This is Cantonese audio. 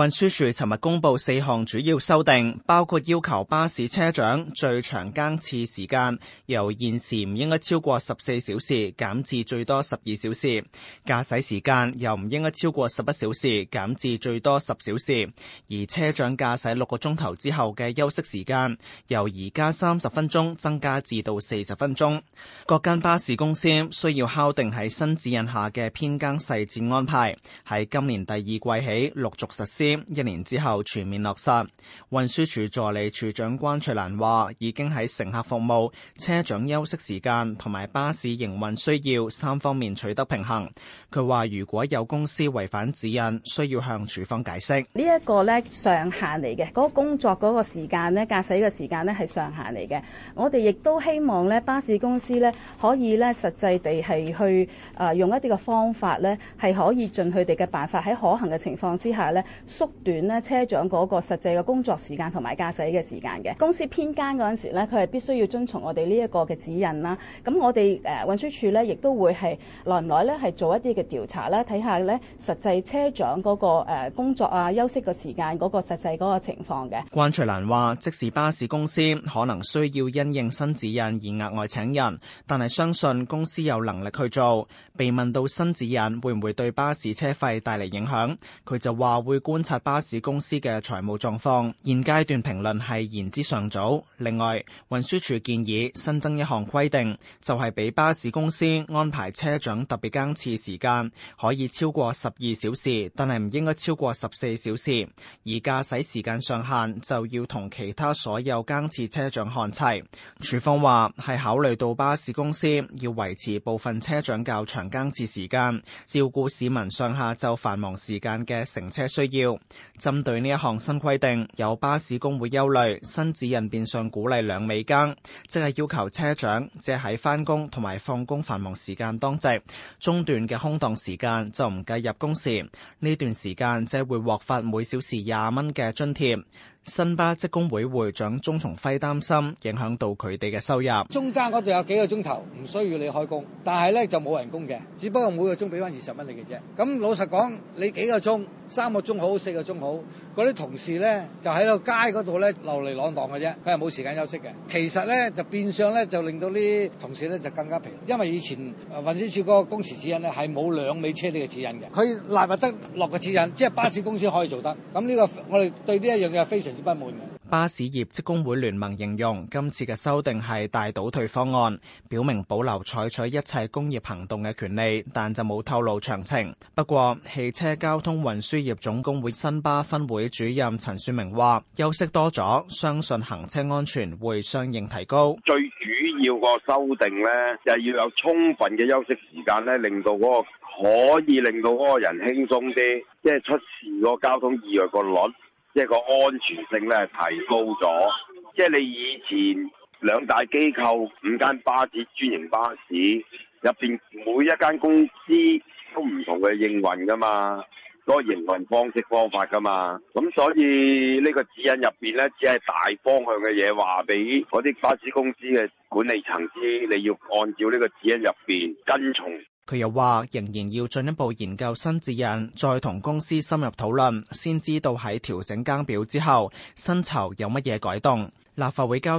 運輸署尋日公布四項主要修訂，包括要求巴士車長最長更次時間由現時唔應該超過十四小時減至最多十二小時，駕駛時間又唔應該超過十一小時減至最多十小時，而車長駕駛六個鐘頭之後嘅休息時間由而家三十分鐘增加至到四十分鐘。各間巴士公司需要敲定喺新指引下嘅偏更細節安排，喺今年第二季起陸續實施。一年之後全面落實。運輸署助理署長關翠蘭話：已經喺乘客服務、車長休息時間同埋巴士營運需要三方面取得平衡。佢話：如果有公司違反指引，需要向署方解釋。這個、呢一個咧上限嚟嘅，嗰、那個工作嗰個時間咧，駕駛嘅時間咧係上限嚟嘅。我哋亦都希望咧，巴士公司咧可以咧實際地係去啊、呃、用一啲嘅方法咧，係可以盡佢哋嘅辦法喺可行嘅情況之下咧。縮短咧，車長嗰個實際嘅工作時間同埋駕駛嘅時間嘅，公司編更嗰陣時，佢係必須要遵從我哋呢一個嘅指引啦。咁我哋誒運輸署呢，亦都會係耐唔耐咧，係做一啲嘅調查啦。睇下咧，實際車長嗰個工作啊、休息嘅時間嗰個實際嗰個情況嘅。關翠蘭話：即使巴士公司可能需要因應新指引而額外請人，但係相信公司有能力去做。被問到新指引會唔會對巴士車費帶嚟影響，佢就話會觀。觀察巴士公司嘅財務狀況，現階段評論係言之尚早。另外，運輸署建議新增一項規定，就係、是、俾巴士公司安排車長特別更次時間，可以超過十二小時，但係唔應該超過十四小時。而駕駛時間上限就要同其他所有更次車長看齊。署方話係考慮到巴士公司要維持部分車長較長更次時間，照顧市民上下晝繁忙時間嘅乘車需要。針對呢一項新規定，有巴士工會憂慮新指引變相鼓勵兩美更，即係要求車長借喺翻工同埋放工繁忙時間當值，中段嘅空檔時間就唔計入工時，呢段時間即係會獲發每小時廿蚊嘅津貼。新巴職工會會長鍾崇輝擔心影響到佢哋嘅收入。中間嗰度有幾個鐘頭唔需要你開工，但係咧就冇人工嘅，只不過每個鐘俾翻二十蚊你嘅啫。咁老實講，你幾個鐘？三個鐘好，四個鐘好。嗰啲同事咧就喺度街嗰度咧流離朗蕩嘅啫，佢係冇時間休息嘅。其實咧就變相咧就令到啲同事咧就更加疲，因為以前運輸署嗰個公車指引咧係冇兩米車呢嘅指引嘅，佢賴為得落個指引，即係巴士公司可以做得。咁呢、這個我哋對呢一樣嘢非常之不滿。巴士業職工會聯盟形容今次嘅修訂係大倒退方案，表明保留採取一切工業行動嘅權利，但就冇透露詳情。不過，汽車交通運輸業總工會新巴分會主任陳雪明話，休息多咗，相信行車安全會相應提高。最主要個修訂呢，就係要有充分嘅休息時間咧，令到嗰個可以令到嗰個人輕鬆啲，即係出事個交通意外個率。即係個安全性咧係提高咗，即係你以前兩大機構五間巴士專營巴士入面，每一間公司都唔同嘅營運噶嘛，個營運方式方法噶嘛，咁所以呢個指引入面咧只係大方向嘅嘢，話俾嗰啲巴士公司嘅管理層知，你要按照呢個指引入面跟從。佢又話，仍然要進一步研究新指引，再同公司深入討論，先知道喺調整更表之後薪酬有乜嘢改動。立法會交。